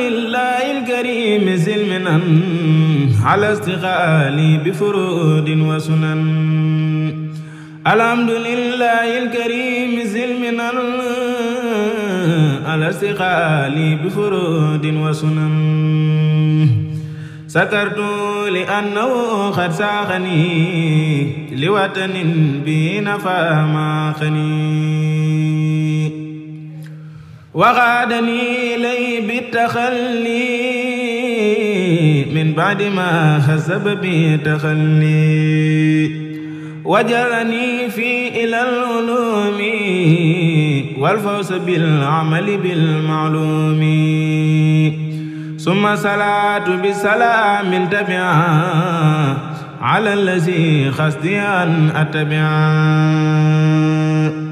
لله الكريم سلمنا على استقالي بفروض وسنن الحمد لله الكريم سلمنا على استقالي بفروض وسنن سكرت لأنه قد ساقني لوطن به نفى ما خني وغادني إلي بالتخلي من بعد ما خسب بي تخلي وجرني في إلى العلوم والفوز بالعمل بالمعلوم ثم صلاة بسلام تبعا على الذي خصدي أن أتبعا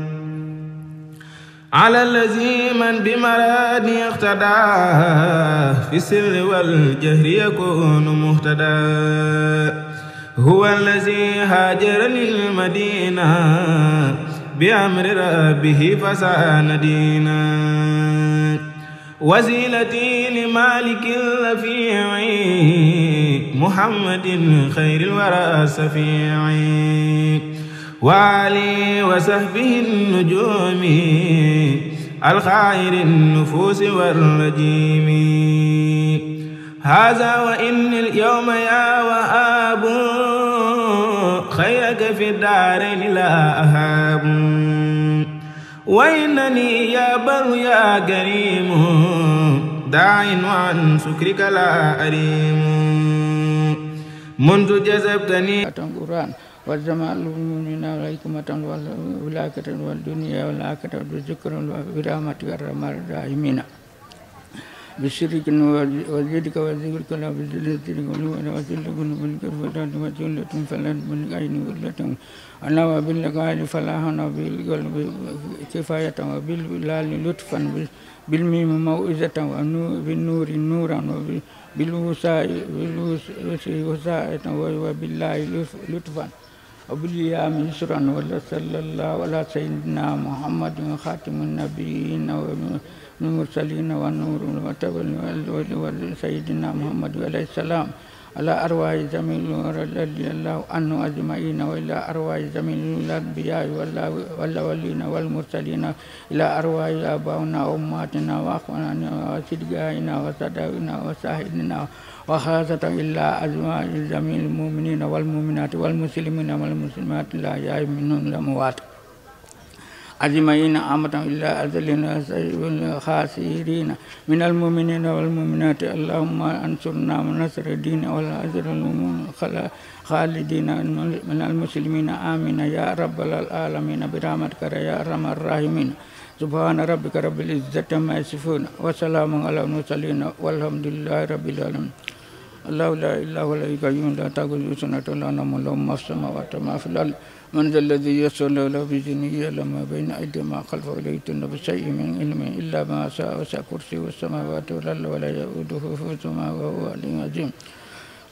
على الذي من بمراد اقتدى في السر والجهر يكون مهتدى هو الذي هاجر للمدينة بأمر ربه فسان دينا وزيلتي لمالك الرفيع محمد خير الورى السفيع وعلي وسهبه النجوم الخائر النفوس والرجيم هذا وإن اليوم يا وآب خيرك في الدارين لا أهاب وإنني يا بر يا كريم داع وعن سكرك لا أريم منذ جذبتني والجمال المؤمنين عليكم والولاكة والدنيا والآكة والذكر والبرامة والرحمة الراحمين بسرك وجدك وذكرك لا بذلتك ولولا وذلك ولك فتاة وجلة فلن من عين ولة أنا وبالقال فلاحا وبالقلب كفاية وبالبلال لطفا بالميم موئزة وبالنور نورا وبالوساء وبالوساء وبالله لطفا وباليام يسرا وصلى الله على سيدنا محمد خاتم النبيين والمرسلين والنور سيدنا محمد عليه السلام على أرواح جميع رضي الله عنه أجمعين وإلى أرواح جميع الأنبياء والأولين والمرسلين إلى أرواح آبائنا وأمهاتنا وأخواننا وأشقائنا وصدائقنا وصاحبنا وخاصة إلا أزواج جميع المؤمنين والمؤمنات والمسلمين والمسلمات لا يعي منهم الأموات أجمعين أمرا إلا أزلنا سيب الخاسرين من المؤمنين والمؤمنات اللهم أنصرنا ونصر الدين والأجر المؤمن خالدين من المسلمين آمين يا رب العالمين برحمتك يا أرحم الراحمين سبحان ربك رب العزة ما يصفون وسلام على المرسلين والحمد لله رب العالمين الله لا إله ولا القيوم لا تأخذه سنة ولا نوم له ما في السماوات وما في الأرض من ذا الذي يسأل له في جنيه لما بين أيدي ما خلفه ولا يتن بشيء من علم إلا ما شاء وسع كرسي السماوات والأرض ولا يؤوده حفظهما وهو العلي العظيم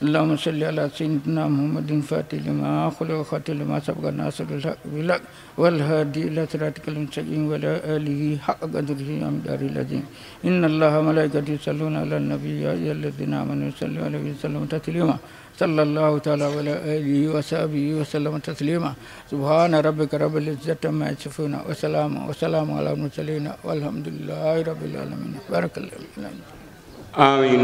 اللهم صل على سيدنا محمد فاتح لما أخلق وخاتم لما سبق ناصر الحق بالحق والهادي إلى صراطك المستقيم وعلى آله حق قدره ومقدار العظيم إن الله ملائكته يصلون على النبي يا أيها الذين آمنوا صلوا عليه وسلموا تسليما صلى الله تعالى على آله وصحبه وسلم تسليما سبحان ربك رب العزة عما يصفون وسلام وسلام على المرسلين والحمد لله رب العالمين بارك الله آمين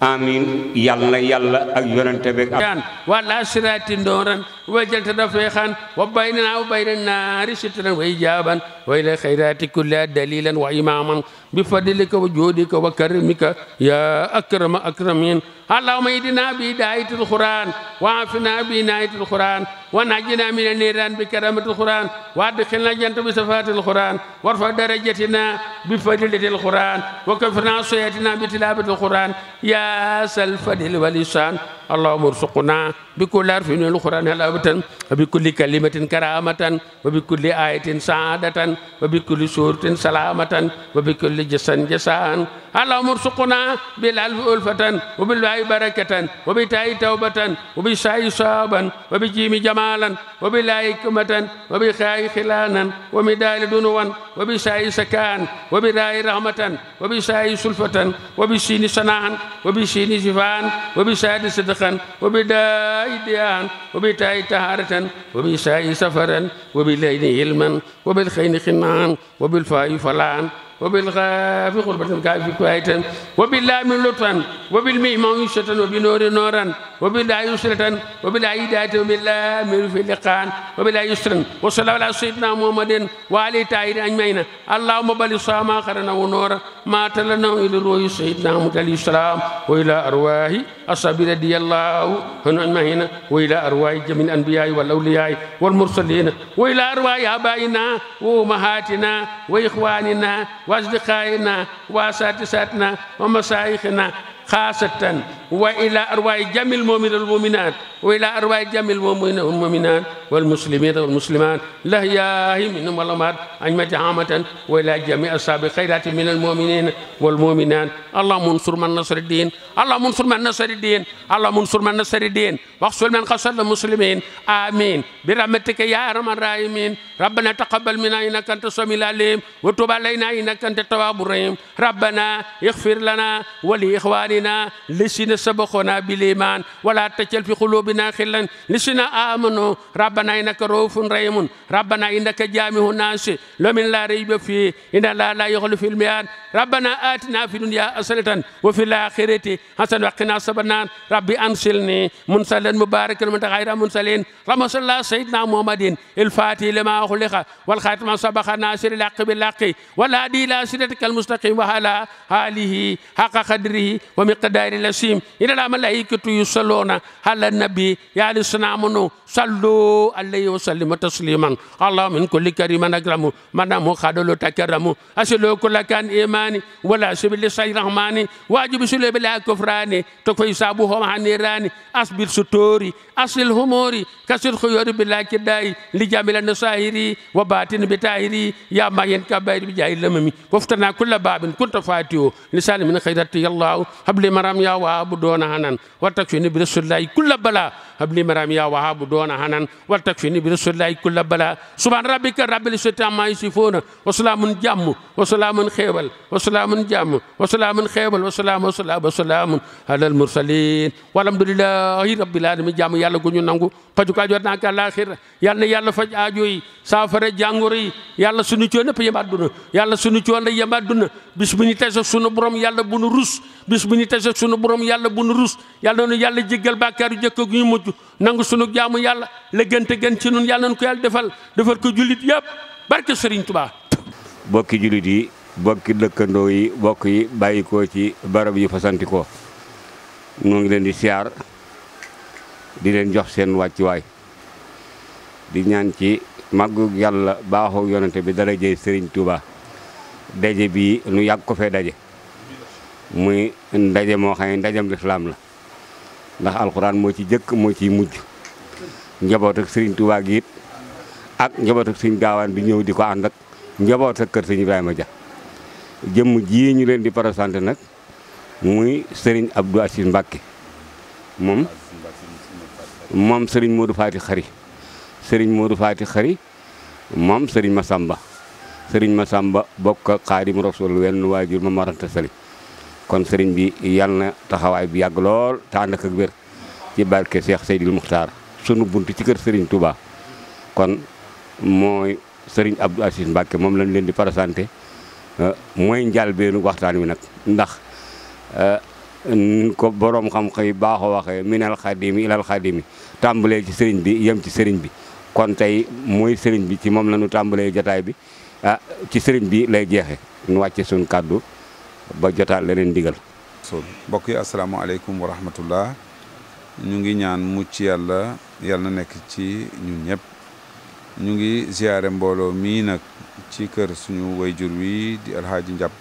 amin yàlla yàlla ak yonente bi an wala sirati ndooran wa jalte dafay xan wa baynana wa bayna naari sitran wa ijaban wa ila xayrati kulla dalilan wa imaman bi fadlika wa joodika wa karimika ya akrama akramin allahumma idina bi daayatil quran wa afina bi naayatil quran ونجنا من النيران بكرامة القرآن وادخلنا الجنة بصفات القرآن وارفع درجتنا بفضيلة القرآن وكفرنا صياتنا بتلاوة القرآن يا سلفد الولسان اللهم ارزقنا bi kulli harfin min alquran halawatan wa bi kulli kalimatin karamatan wa bi kulli ayatin saadatan wa bi kulli suratin salamatan wa bi kulli jasan jasaan allahumma ursuqna bil alfi ulfatan wa bil waawi barakatan wa bi taayi tawbatan wa bi saayi saaban wa bi jiimi jamalan wa bi laayi hikmatan wa bi xaayi xilaanan wa mi daali dunuwan wa bi saayi sakaan wa bi raayi rahmatan wa bi saayi sulfatan wa bi siini sanaan wa bi siini sifaan wa bi saadi sadaqan wa bi daa ديان وبتاء تهارة وبشاء سفرا وبالليل علما وبالخين خنان وبالفاء فلان وبالغاف غربة الكافي كويتا وباللام لطفا وبالميم معيشة وبنور نورا وبالله يسرة وبالله هداية وبالله من في اللقان وبالله يسرا وصلى الله على سيدنا محمد وعلى تاهر أجمعين اللهم بل صاما خرنا ونورا ما تلنا إلى روح سيدنا محمد عليه السلام وإلى أرواح أصحاب رضي الله عنهم أجمعين وإلى أرواح جميع الأنبياء والأولياء والمرسلين وإلى أرواح آبائنا وأمهاتنا وإخواننا وأصدقائنا وأساتذتنا ومشايخنا خاصة وإلى أرواح جميع المؤمنين والمؤمنات وإلى أرواح جميع المؤمنين والمؤمنات والمسلمين والمسلمات لا ياهي منهم والأمهات أجمع عامة وإلى جميع أصحاب الخيرات من المؤمنين والمؤمنات اللهم انصر من نصر الدين اللهم انصر من نصر الدين اللهم انصر من نصر الدين واغسل من خسر المسلمين آمين برحمتك يا أرحم الراحمين ربنا تقبل منا إنك أنت السميع العليم وتب علينا إنك أنت التواب الرحيم ربنا اغفر لنا ولإخواننا أعيننا لسنا سبقنا بالإيمان ولا تجعل في قلوبنا خلا لسنا آمنوا ربنا إنك رؤوف رحيم ربنا إنك جامع الناس لمن لا ريب فيه إن الله لا يخلف الميعاد ربنا آتنا في الدنيا حسنة وفي الآخرة حسنة وقنا عذاب النار ربي أنزلني منسلا مباركا من غير منسلين اللهم صل على سيدنا محمد الفاتح لما خلق والخاتم سبق ناصر الحق بالحق والهادي إلى صراطك المستقيم وعلى آله حق قدره ومن بمقدار الاسيم ان الملائكه يصلون على النبي يا الذين امنوا صلوا عليه وسلم تسليما الله من كل كريم اكرم من مخدل تكرم اسلو كل كان ايماني ولا سبيل سير رحماني واجب سلو بلا كفراني تكوي سابهم عن نيراني اصبر ستوري اصل هموري كسر خيور بلا كداي لجامل النصاهري وباطن بتاهري يا ماين كبير بجاي لممي وفتنا كل باب كنت فاتيو لسان من خيرتي الله habli maram ya wahabu doona hanan wa takfini bi rasulillahi kulla bala habli maram ya wahabu doona hanan wa takfini bi rasulillahi kulla bala subhan rabbika rabbil izzati amma yasifuna wa salamun jàmm wa salamun xeebal wa salamun jàmm wa salamun xeebal wa salaam wa salaam wa salamun alal mursalin walhamdulillahi rabbil alamin jàmm yàlla gu ñu nangu fajuka jot naa ka laaxir yàlla na yàlla faj aajo yi saafara jàngoro yi yàlla sunu coon yëpp yem àdduna yàlla sunu coon yem àdduna bis bu ñu tese sunu borom yàlla bu nu rus bis bu ñu tase sunu borom yàlla bu nu rus yàlla noonu yàlla jéggal bàkkaar yu jëkk ak ñu mujj nangu sunu jaamu yàlla la gënte gën ci nun yàlla nañu ko yàlla defal defal ko jullit yëpp barke Sëriñ Tuubaa bokki jullit yi bokki dëkkandoo yi bokk yi bàyyi ci barab yi fasanti ko ngi leen di siyaar di leen jox seen wàccuwaay di ñaan ci màggu yàlla baaxoo yonante bi dara jëy Sëriñ Tuubaa daje bi nu yàgg ko fee daje muy ndaje moo xam ne ndajam la ndax alxuraan moo ci jëkk moo ciy mujj njaboot ak sëriñ Tuubaa gi ak njaboot ak sëriñ gaawaan bi ñëw di ko ànd ak njaboot ak kër sëriñ Ibrahima jax jëmm jii ñu leen di présenté nag muy sëriñ Abdou Aziz Mbacke moom moom sëriñ moo Modou Fati Xari sëriñ moo Modou Fati Xari moom sëriñ Masamba sëriñ Masamba bokk ak Xaadim Rasul wenn waajur ma maranta sëriñ kon sëriñ bi yal na taxawaay bi yàgg lool te ànd ak wér ci barke Cheikh Seydil Muxtaar sunu bunt ci kër sëriñ Touba kon mooy sëriñ ab Aziz Mbacke moom lañ leen di présenté euh, mooy njàlbeenu waxtaan wi nag ndax euh, ni ko boroom xam-xam yi baaxoo waxee minal xadimi ilal xadimi tàmbalee ci sëriñ bi yem ci sëriñ bi kon tey mooy sëriñ bi ci moom la ñu tàmbalee jataay bi ah, ci sëriñ bi lay jeexe nu wàcce suñu kàddu ba jotaal leneen ndigal. mbokk yi asalaamaaleykum wa rahmatullah ñu ngi ñaan mucc yàlla yàlla na nekk ci ñun ñëpp ñu ngi ziare mbooloo mii nag ci kër suñu wayjur wi di alhaaji njàpp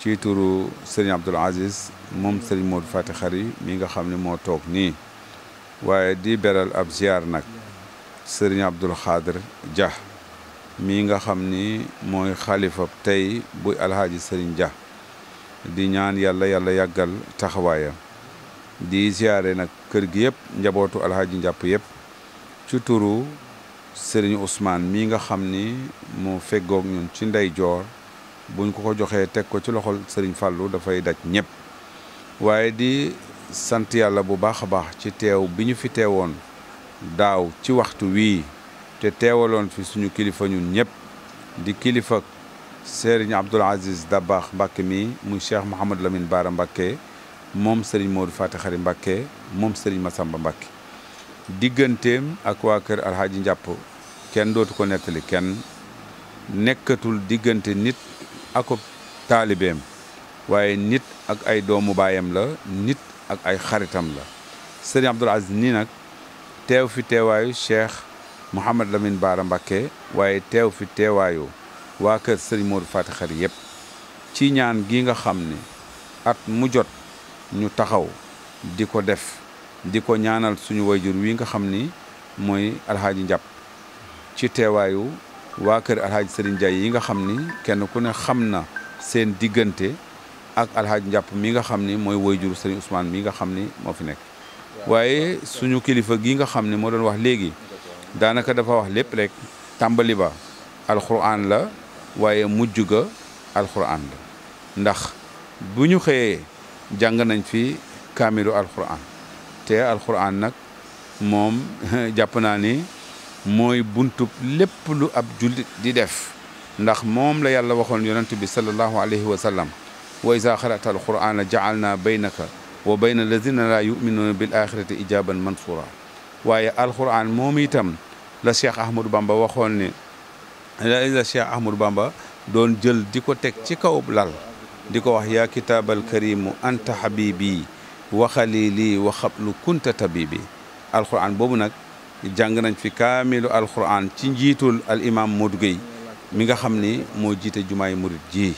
ci turu sëriñ Abdul Aziz moom sëriñ Modou Fati Xari mii nga xam ne moo toog nii waaye di beral ab ziar nag sëriñ Abdul Xaadir Dia mi nga xam ni mooy xaalifa tey buy alhaaji sëriñ Dia di ñaan yàlla yàlla yàggal taxawaayam di ziare nag kër gi yëpp njabootu alhaaji njàpp yëpp ci turu Serigne Ousmane mii nga xam ni mu feggoog ñun ci ndeyjoor joor buñ ko ko joxee teg ko ci loxol sëriñ Fallou dafay daj ñëpp waaye di sant yàlla bu baax a baax ci teew bi ñu fi teewoon daaw ci waxtu wii te teewaloon fi suñu kilifa ñun ñëpp di kilifa Serigne Abdoul Aziz Dabakh Mbacké mi muy Cheikh Mouhamadou lamin Bara Mbacké moom Serigne Modou Faty Khary Mbacké moom Serigne Massamba Mbacké digganteem ak waa kër Alxaaji Njàpp kenn dootu ko nettali kenn nekkatul diggante nit ako taalibeem waaye nit ak ay doomu baayam la nit ak ay xaritam la Serigne Abdoul Aziz nii nag teew fi teewaayu Cheikh Mouhamadou lamin baara Mbacké waaye teew fi teewaayu waa kër Serigne Modou Faty Khary yëpp ci ñaan gi nga xam ni at mu jot ñu taxaw di ko def di ko ñaanal suñu wayjur wi nga xam ni mooy alhaaji njàpp ci teewaayu waa kër alhaaji Serigne Ndiaye yi nga xam ni kenn ku ne xam na seen diggante ak alhaaji njàpp mi nga xam ni mooy wayjur Serigne Ousmane mi nga xam ni moo fi nekk waaye suñu kilifa gi nga xam ne moo doon wax léegi daanaka dafa wax lépp rek tàmbali ba alxuraan la waaye mujj ga alxuraan la ndax bu ñu xëyee jàng nañ fi kaamilu alxuraan te alxuraan nag moom jàpp naa ni mooy buntub lépp lu ab jullit di def ndax moom la yàlla waxoon yonent bi sallallahu alayhi wa sallam wa isa xarata alqur'ana naa baynaka wa bayna alladina laa yuminuuna bil axirati ijaban mansura waaye alqur'an moom itam la cheikh ahmadou bamba waxoon ne la la Cheikh Bamba doon jël di ko teg ci kaw lal di ko wax yaa kitaabal karimu anta habibi wa xalili wa xablu kunta tabibi alquran boobu nag jàng nañ fi kaamilu alquran ci njiitul al imam Modou Gueye mi nga xam ni moo jiite jumaay murit ji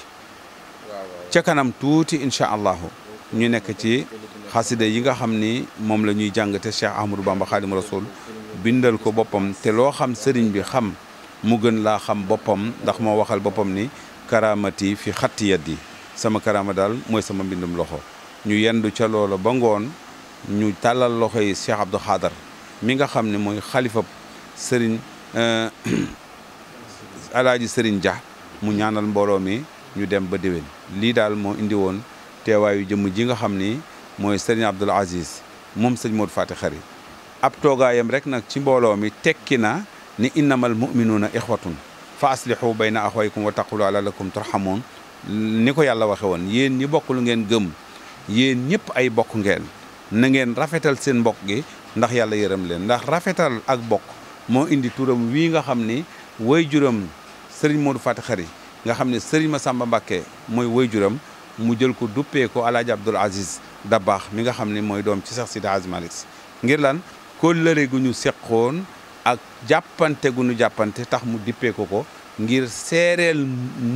ca kanam tuuti incha allahu ñu nekk ci xasida yi nga xam ni moom la ñuy jàng te Cheikh Ahmadou Bamba Xaadimu Rasul bindal ko boppam te loo xam sëriñ bi xam mu gën laa xam boppam ndax moo waxal boppam ni karaamati fi xatti yat yi sama karaama daal mooy sama mbindum loxo ñu yendu ca loola ba ngoon ñu tàllal loxo yi Cheikh Abdou Khadar mi nga xam ne mooy xalifa sëriñ alaaji sëriñ ja mu ñaanal mbooloo mi ñu dem ba déwén lii daal moo indi woon teewaayu jëmm ji nga xam ni mooy sëriñ Abdoul Aziz moom sëñ Modou Fati Khary ab toogaayam rek nag ci mbooloo mi tekki na ni innamal muminuuna ixwatun fa aslihu bayna axwaykum wa taqulu lalakum turhamun ni ko yàlla waxe woon yéen ñi bokk ngeen gëm yéen ñëpp ay bokk ngeen na ngeen rafetal seen mbokk gi ndax yàlla yërëm leen ndax rafetal ak bokk moo indi turam wii nga xam ni way juram sëriñ Modou Faty Khary nga xam ne sëriñ Massamba Mbacké mooy way juram mu jël ko duppee ko alaaji Abdoul Aziz Dabakh mi nga xam ne mooy doom ci Seex Sidi Hadji Malick ngir ak jàppante gu nu jàppante tax mu dippee ko ko ngir seereel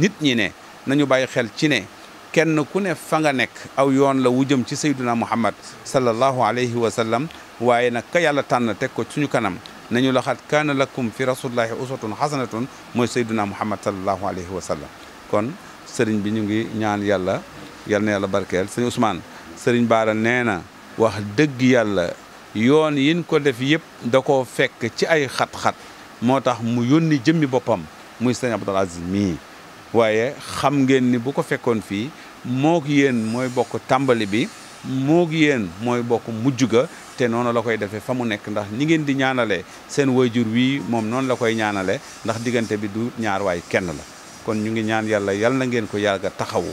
nit ñi ne nañu bàyyi xel ci ne kenn ku ne fa nga nekk aw yoon la wu jëm ci sayduna muhammad sallallahu alayhi wa sallam waaye nag ka yàlla tànn teg ko suñu kanam nañu la xat kaana lakum fi rasulillahi uswatun xasanatun mooy sayduna muhammad sallallahu alayhi wa sallam kon sëriñ bi ñu ngi ñaan yàlla yal na yàlla barkeel sëñ Ousmane sëriñ Baara nee na wax dëgg yàlla yoon yin ko def yëpp da koo fekk ci ay xat-xat moo tax mu yónni jëmmi boppam muy sëñ Abdul Aziz mii waaye xam ngeen ni bu ko fekkoon fii moog yéen mooy bokk tàmbali bi moog yéen mooy bokk mujj ga te noonu la koy defee fa mu nekk ndax ni ngeen di ñaanalee seen wayjur wii moom noonu la koy ñaanale ndax diggante bi du ñaar waay kenn la kon ñu ngi ñaan yàlla yal na ngeen ko yàgg a taxawu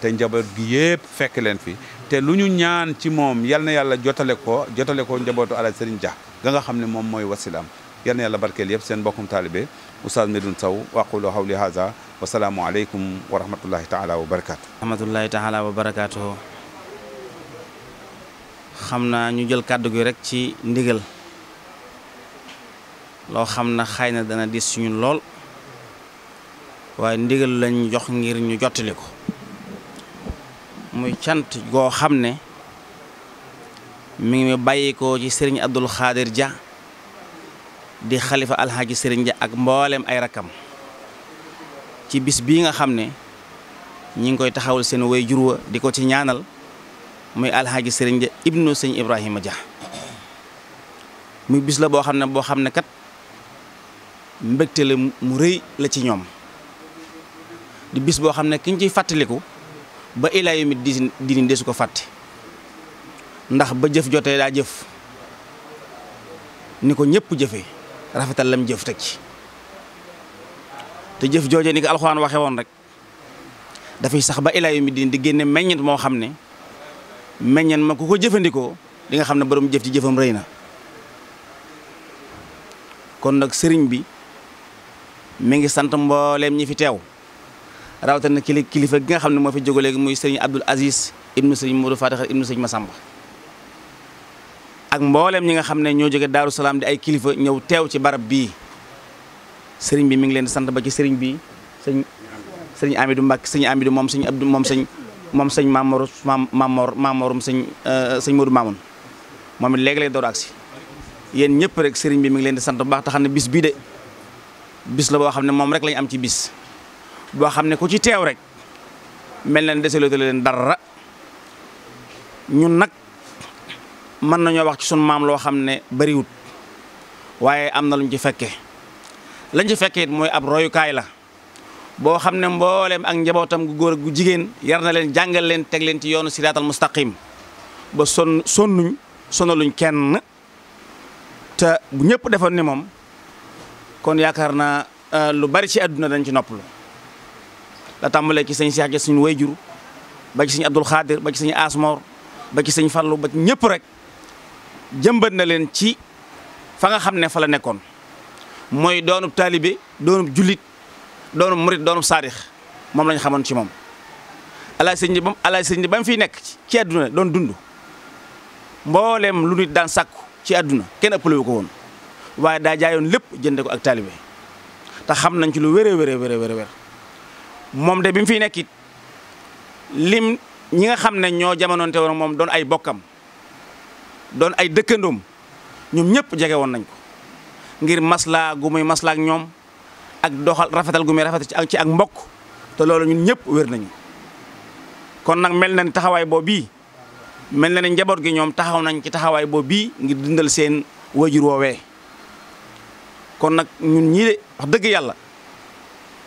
te njaboot gi yëpp fekk leen fi lu ñu ñaan ci moom yal na yàlla jotale ko jotale ko njabootu alaaj sëriñ Dia ga nga xam ne moom mooy wasilaam yal na yàlla barkeel yëpp seen bokkum taalibe Oustaz Medoune saw waqulu hawli haza wa salaamu aleykum wa rahmatullahi taala wa barakaatu xam naa ñu jël kàddu gi rek ci ndigal loo xam na xay na dana dis suñu lool waaye ndigal lañ jox ngir ñu jottali ko muy cant goo xam ne mu ngi bàyyikoo ci sëriñ Abdul Xaadir ja di xalifa alxaaji sëriñ Dia ak mbooleem ay rakkam ci bis bii nga xam ne ñu ngi koy taxawal seen woy jur di ko ci ñaanal muy alxaaji sëriñ Dia ibnu sëñ Ibrahima ja muy bis la boo xam ne boo xam ne kat mbégte mu rëy la ci ñoom di bis boo xam ne kiñ ci fàttaliku. ba ilaa yawmi diin su ko fàtte ndax ba jëf jotee daa jëf ni ko ñëpp jëfe rafetal lam jëf teg ci te jëf jooje ni ko alxuraan waxe woon rek dafay sax ba ilaa yawmi diin di génne meññent moo xam ne meññent ma ku ko jëfandikoo di nga xam ne borom jëf ci jëfam rëy na kon nag sëriñ bi mi ngi sant mbooleem ñi fi teew rawatina kili kilifa gi nga xam ne moo fi jóge léegi muy sëriñ Abdul Aziz ibnu sëriñ Modou Fataxal ibnu sëriñ Masamba ak mbooleem ñi nga xam ne ñoo jóge Daaru Salaam di ay kilifa ñëw teew ci barab bii sëriñ bi mi ngi leen di sant ba ci sëriñ bi sëñ sëriñ Amidou Mbacke sëñ Amidou moom sëñ Abdou moom sëñ moom sëñ Mamor Mamor Mamorum sëñ euh, sëñ Modou moom it léegi lay door agsi yéen ñëpp rek sëriñ bi mu ngi leen di sant bu baax xam ne bis bii de bis la boo xam ne moom rek lañ am ci bis boo xam ne ku ci teew rek mel na ne desaloote leen dara ñun nag mën nañoo wax ci sunu maam loo xam ne bariwut waaye am na luñ ci fekke lañ ci fekke mooy ab royukaay la boo xam ne mbooleem ak njabootam gu góor ak gu jigéen yar na leen jàngal leen teg leen ci yoonu siraatal mustaqim ba son sonnuñ luñ kenn te bu ñëpp defoon ni moom kon yaakaar naa euh, lu bari ci àdduna dañ ci noppalu la tàmbalee ci sëñ Cheikh ja suñu wayjur ba ci sëñ Abdul Xaadir ba ci sëñ Asmoor ba ci sëñ Fallu ba ñëpp rek jëmbat na leen ci fa nga xam ne fa la nekkoon mooy doonub taalibe doonub jullit doonub murit doonub saadix moom lañ xamoon ci moom alaay sëñ ba alaay sëñ ba mu fiy nekk ci àdduna doon dund mbooleem lu nit daan sàkku ci àdduna kenn ëppale ko woon waaye daa jaayoon lépp jënde ko ak taalibe te xam nañ ci lu wéree wéree wéree wéree moom de bi fi nekkit lim ñi nga xam ne ñoo jamonoonte woon moom doon ay bokkam doon ay dëkkandoom ñoom ñëpp jege woon nañ ko ngir maslaa gu muy maslaa ak ñoom ak doxal rafetal gu muy rafetal ci ak ak mbokk te loolu ñun ñëpp wér nañu kon nag mel na ni taxawaay boobu bii mel na ni njaboot gi ñoom taxaw nañ ci taxawaay boobu bii ngir dindal seen wajur woowee kon nag ñun ñii de wax dëgg yàlla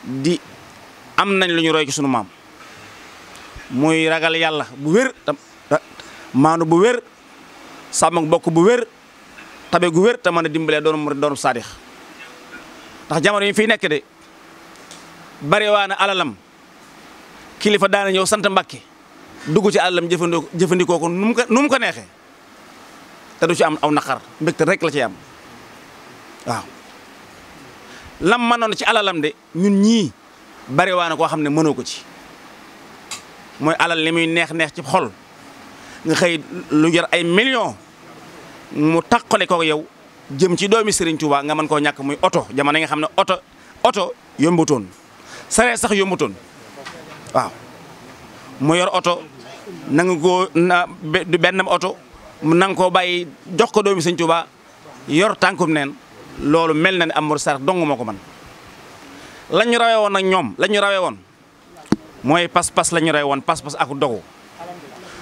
di am nañ lu ñu roy ci sunu maam muy ragal yàlla bu wér maanu bu wér sàmm ak bokk bu wér tabe gu wér te mën a dimbalee doonu murid doonu saadix ndax jamono yi fi nekk de bari waa na alalam kilifa daana ñëw sant Mbàkke dugg ci alalam jëfandikoo jëfandikoo ko num mu ko nu ko neexee te du ci am aw naqar mbégte rek la ci am waaw lam manoon ci alalam de ñun ñii. bari waa na koo xam ne mënoo ko ci mooy alal li muy neex-neex ci xol nga xëy lu jar ay millions mu taqale ko yow jëm ci doomi Serigne Touba nga mën koo ñàkk muy oto jamono nga xam ne oto oto yombutoon saree sax yombutoon waaw mu yor oto na nga koo benn oto na nga koo bàyyi jox ko doomi Serigne Touba yor tànkum neen loolu mel na ne am mor sar dong ko man la ñu rawee woon ak ñoom la rawee woon mooy pas-pas la ñu rawee woon pas-pas ak dogu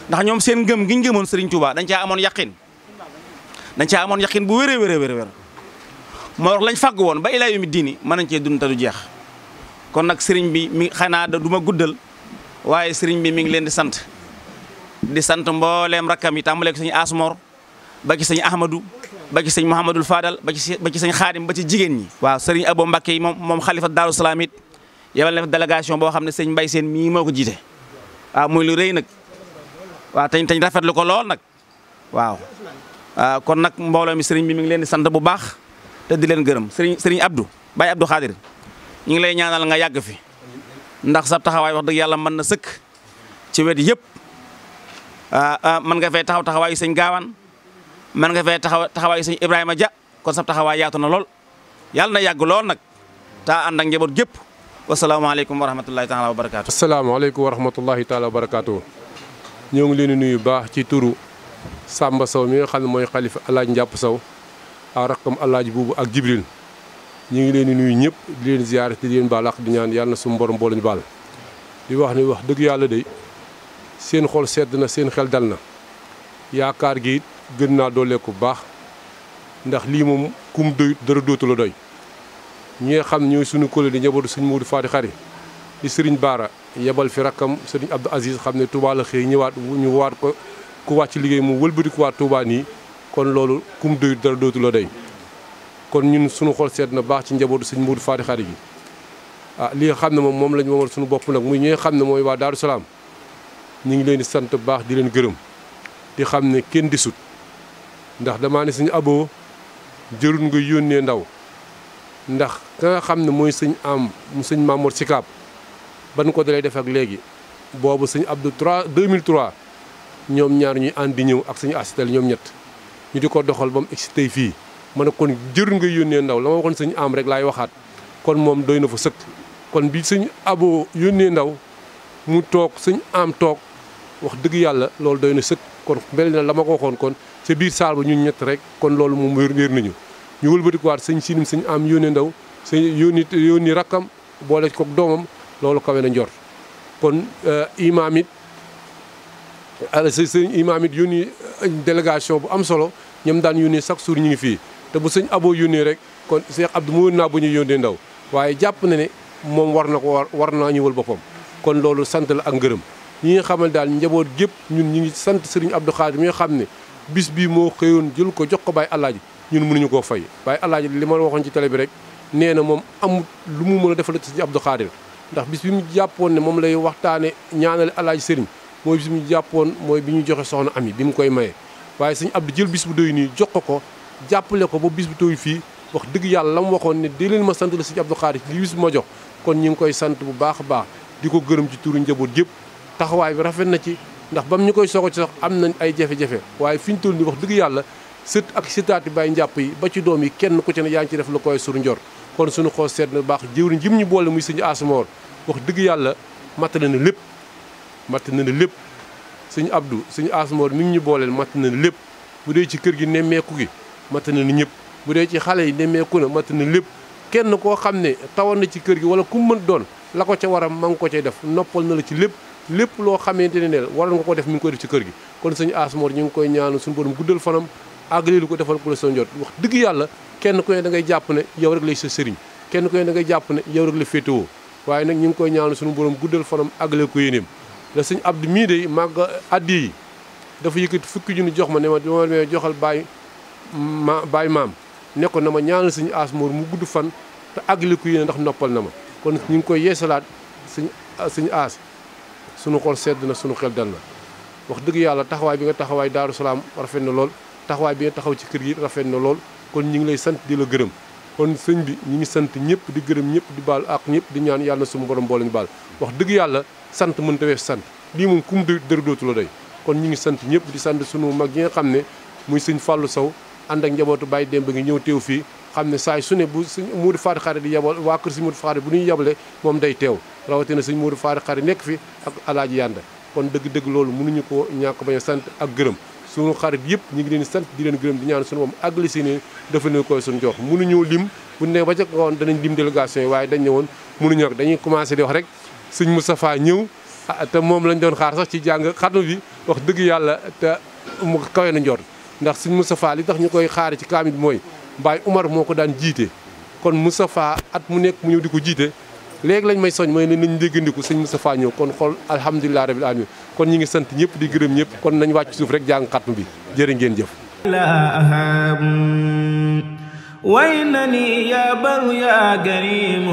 ndax ñoom seen ngëm gi ñu gëmoon Serigne dañ caa amoon yaqin dañ caa amoon yaqin bu wéree wéree wéree moo wax lañ fàgg woon ba ilaa yu mi diini mën nañ cee dund te jeex kon nag Serigne bi mi xanaa da du ma guddal waaye Serigne bi mi ngi leen di sant di sant mbooleem rakkam yi tàmbale ko sëñ Asmor ba ci sëñ Ahmadou ba ci sëñ Mouhamadul Fadal ba ci ba ci sëñ Xaadim ba ci jigéen ñi. waaw sëriñ Abo Mbacke yi moom moom xalifa Daaru Salaam it yebal na fa délégation boo xam ne sëñ Mbaye seen mii moo ko jiite muy lu rëy nag waaw tañ tañ rafetlu ko lool nag waaw. kon nag mbooloo mi sëriñ bi mi ngi leen di sant bu baax te di leen gërëm sëriñ sëriñ Abdou Baye Abdou Khadir ñu ngi lay ñaanal nga yàgg fi ndax sa taxawaay wax dëgg yàlla mën na sëkk ci wet yëpp ah, ah, mën nga fay taxaw taxawaayu sëñ Gaawaan. man nga fee taxaw taxawaay sëñ Ibrahima Dia kon sab taxawaay yaatu na lool yàlla na yàgg lool nag taa ànd ak njaboot gépp wasalaamaaleykum wa rahmatullahi taala wa barakaatu. asalaamaaleykum wa rahmatullahi taala wa barakaatu. ñoo ngi leen di nuyu baax ci turu sàmba saw mi nga xam ne mooy xalifa alaaj njàpp saw ak rakam alaaj buubu ak Jibril ñu ngi leen di nuyu ñëpp di leen ziare di leen baal di ñaan yàlla na suñu borom boole ñu baal. wax ni wax dëgg yàlla de seen xol sedd na seen xel dal yaakaar gi gën naa dooleeku bu baax ndax lii moom kum doy dara dootu la doy ñi nga xam ñooy sunu kole di njabootu sëñ Modou Faty Khary di sëriñ Baara yebal fi rakkam sëriñ Abdou Aziz xam ne Touba la xëy ñëwaat ñu waat ko ku wàcc liggéey mu wëlbatikuwaat tuubaa nii kon loolu kum doy dara dootu la doy kon ñun sunu xol seet na baax ci njabootu sëñ Modou Faty Khary gi ah lii xam ne moom moom lañ moomal suñu bopp nag muy ñi xam ne mooy waa Daaru Salaam ñu ngi leen di sant baax di leen gërëm di xam ne kenn di sut ndax damaa ne sëñ aboo jërul nga yónnee ndaw ndax ka nga xam ne mooy sëñ am mu sëñ Mamour Sikaab ban ko dalay def ak léegi boobu sëñ Abdou 3 2003 ñoom ñaar ñuy ànd di ñëw ak sëñ asital ñoom ñett ñu di ko doxal ba mu si tey fii ma ne kon jërul nga yónnee ndaw la ma waxoon sëñ am rek laay waxaat kon moom doy na fa sëkk kon bii sëñ aboo yónnee ndaw mu toog sëñ am toog wax dëgg yàlla loolu doy na sëkk kon mel na la ma ko waxoon kon ca biir saal ba ñun ñett rek kon loolu moom wér wér nañu ñu wëlbatikuwaat sëñ sinim sëñ am yónni ndaw sëñ yónni yónni rakkam boole ko doomam loolu kawe na njort kon euh, imaam it sëñ imaam it yónni euh, délégation bu am solo ñoom daan yónnee chaque jour ñu ngi fii te bu sëñ aboo yónnee rek kon Cheikh Abdou mu wër naa bu ñu yónnee ndaw waaye jàpp na ne moom war na ko war war naa ñëwal boppam kon loolu sant la ak ngërëm ñi nga xamal daal njaboot gépp ñun ñu ngi sant sëriñ Abdou Khadir mi nga xam ne bis bi moo xëyoon jël ko jox ko Baye Alaaji ñun mënuñu koo fay Baye Alaaji li ma waxoon ci télé bi rek nee na moom amut lu mu mën a defal ci Abdou Khadir ndax bis bi mu jàppoon ne moom lay waxtaane ñaanale Alaaji Sëriñ mooy bis bi mu jàppoon mooy bi ñu joxe soxna am Ami bi mu koy maye. waaye sëñ Abdou jël bis bu doy nii jox ko ko jàppale ko ba bis bu tooy fii wax dëgg yàlla la mu waxoon ne di leen ma sant la si Abdou Khadir li bis bu ma jox kon ñu ngi koy sant bu baax a baax di ko gërëm ci turu njaboot yëpp taxawaay bi rafet na ci ndax bam ñu koy soog ci sax am nañ ay jafe-jafe waaye fi ñu toll ni wax dëgg yàlla sët ak sëtaati bay njàpp yi ba ci doom yi kenn ku ci ne yaa ngi ci def lu koy suru njor kon suñu xool seet na baax jëwriñ jim ñu boole muy suñu aasmoor wax dëgg yàlla matt na ne lépp matt na lépp suñu abdu suñu aasmoor nit ngi ñu booleel matt na lépp bu dee ci kër gi nemmeeku gi matt na ne ñëpp bu dee ci xale yi nemmeeku na matt na lépp kenn koo xam ne tawoon na ci kër gi wala ku mën doon la ko ca waram ma ngi ko cay def noppal na la ci lépp lépp loo xamante ne ne war nga ko def mu ngi koy def ci kër gi kon sëñ Asmor ñu ngi koy ñaanu suñu borom guddal fanam àggali lu ko defal ko la sa njot wax dëgg yàlla kenn ku ne da jàpp ne yow rek lay sa sëriñ kenn ku ne da ngay jàpp ne yow rek la féetewoo waaye nag ñu ngi koy ñaanu suñu borom guddal fanam àggale ko yéeneem la ab Abdou mii de màgg addi yi dafa yëkkati fukki ju nu jox ma ne ma dama mee joxal baay ma baay maam ne na ma ñaanal sëñ Asmor mu gudd fan te àggale ko ndax noppal na ma kon ñu ngi koy yeesalaat sëñ sëñ aas sunu xol sedd na sunu xel dal na wax dëgg yàlla taxawaay bi nga taxawaay Daaru Salaam rafet na lool taxawaay bi nga taxaw ci kër gi rafet na lool kon ñu ngi lay sant di la gërëm kon sëñ bi ñu ngi sant ñëpp di gërëm ñëpp di baal ak ñëpp di ñaan yàlla na suñu borom boole ñu baal wax dëgg yàlla sant mën ta wees sant lii moom kum dër dootu la doy kon ñu ngi sant ñëpp di sant sunu mag yi nga xam ne muy sëñ Fallou Sow ànd ak njabootu Baye a ngi ñëw teew fii xam ne saay su ne bu suñ muudu faati xari di yebal waa kër suñ muudu faati bu ñuy yeble moom day teew rawatina suñ muudu faati xari nekk fi ak alaaji yanda kon dëgg-dëgg loolu mënuñu ko ñàkk bañ a sant ak gërëm suñu xarit yëpp ñu ngi leen sant di leen gërëm di ñaan suñu moom àggali si ne dafa leen koy suñu jox mënuñoo lim bu ne ba ca kawoon danañ lim délégation yi waaye dañ ne woon mënuñu rek dañuy commencé di wax rek suñ Moustapha ñëw ah te moom lañ doon xaar sax ci jàng xarnu bi wax dëgg yàlla mu kawe na njort ndax suñ Moustapha li tax ñu koy xaar ci kaamit mooy Baye Umar moo ko daan jiite kon Moustapha at mu nekk mu ñëw di ko jiite léegi lañ may soñ mooy ne nañ déggandiku sëñ Moustapha ñëw kon xool alhamdulilah rabil alamin kon ñu ngi sant ñëpp di gërëm ñëpp kon nañu wàcc suuf rek jàng xatm bi jërë ngeen jëf وينني يا بر يا كريم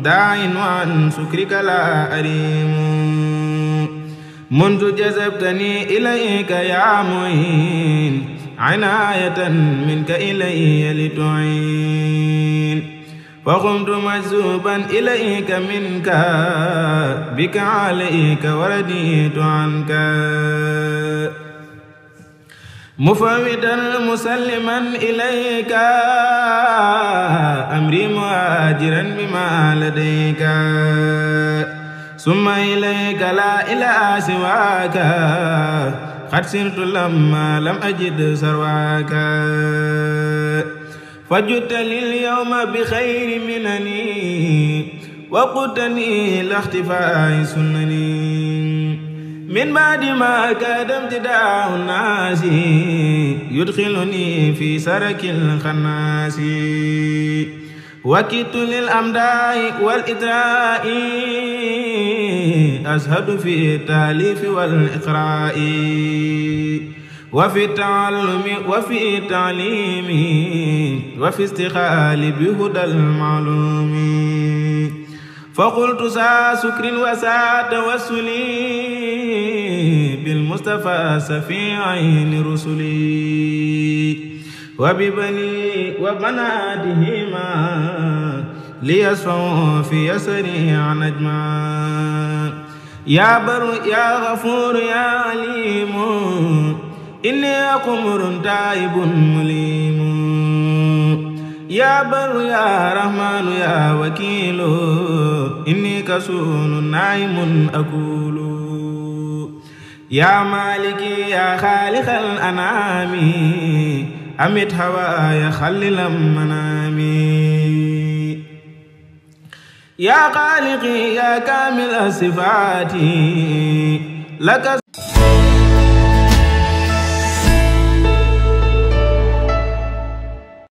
داع عن سكرك لا أريم منذ جذبتني إليك يا معين عناية منك إلي لتعين فقمت مجذوبا إليك منك بك عليك ورديت عنك مفودا مسلما إليك أمري مهاجرا بما لديك ثم إليك لا إله سواك قد سرت لما لم أجد سرواك فجدت لليوم بخير منني وقتني لاختفاء سنني من بعد ما كاد امتداع الناس يدخلني في سرك الخناس وكدت للأمداء والإدراء أزهد في التأليف والإقراء وفي التعلم وفي التعليم وفي استقال بهدى المعلوم فقلت سا سكر وسا توسلي بالمصطفى سفي عين رسلي وببني وبناتهما ليسعوا في يسري عن أجمع يا بر يا غفور يا عليم إني قمر تائب مليم يا بر يا رحمن يا وكيل إني كسول نائم أقول يا مالك يا خالق الأنعام amit hawaaya xallil manaami yaa xaaliqi yaa kaamil asifaati laka